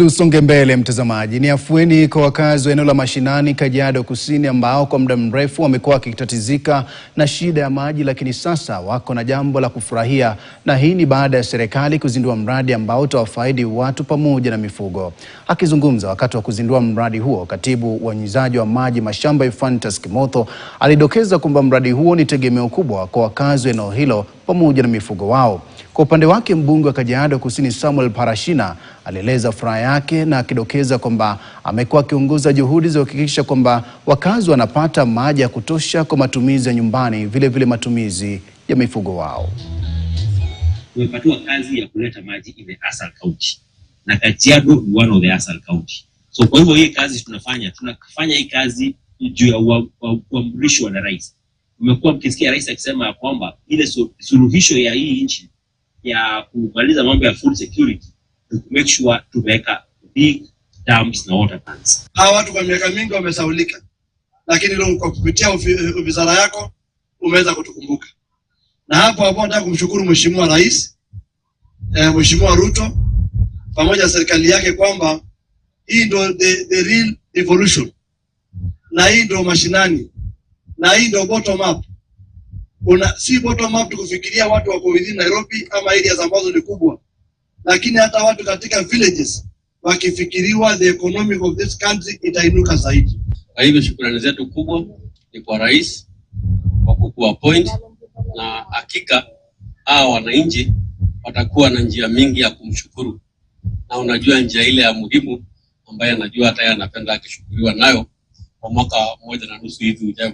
Tusonge mbele mtazamaji. Ni afueni kwa wakazi wa eneo la mashinani Kajiado Kusini ambao kwa muda mrefu wamekuwa wakitatizika na shida ya maji, lakini sasa wako na jambo la kufurahia, na hii ni baada ya serikali kuzindua mradi ambao utawafaidi watu pamoja na mifugo. Akizungumza wakati wa kuzindua mradi huo, katibu unyunyizaji wa maji mashamba Ephantus Kimotho alidokeza kwamba mradi huo ni tegemeo kubwa kwa wakazi wa eneo hilo pamoja na mifugo wao. Kwa upande wake mbunge wa Kajiado Kusini Samuel Parashina alieleza furaha yake na akidokeza kwamba amekuwa akiongoza juhudi za kuhakikisha kwamba wakazi wanapata maji ya kutosha kwa matumizi ya nyumbani, vile vile matumizi ya mifugo wao. Tumepatiwa kazi ya kuleta maji in the Asal County na Kajiado ni one of the Asal County. So kwa hivyo hii kazi tunafanya tunafanya hii kazi juu ya uamrisho wa na rais. Umekuwa mkisikia rais akisema kwamba ile suluhisho ya hii nchi ya kumaliza mambo ya food security to make sure tumeweka big dams na water tanks. Hawa watu kwa miaka mingi wamesaulika, lakini leo kwa kupitia eh, wizara yako umeweza kutukumbuka, na hapo hapo nataka kumshukuru Mheshimiwa Rais eh, Mheshimiwa Ruto pamoja na serikali yake kwamba hii ndio the, the real evolution na hii ndio mashinani na hii ndio bottom up una si bottom up tukufikiria watu wako within Nairobi ama areas ambazo ni kubwa, lakini hata watu katika villages wakifikiriwa, the economic of this country itainuka zaidi. Kwa hivyo shukrani zetu kubwa ni kwa rais kwa kukua point, na hakika hawa wananchi watakuwa na njia mingi ya kumshukuru, na unajua njia ile ya muhimu ambaye anajua hata yeye anapenda akishukuriwa nayo kwa mwaka mmoja na nusu hivi ujao.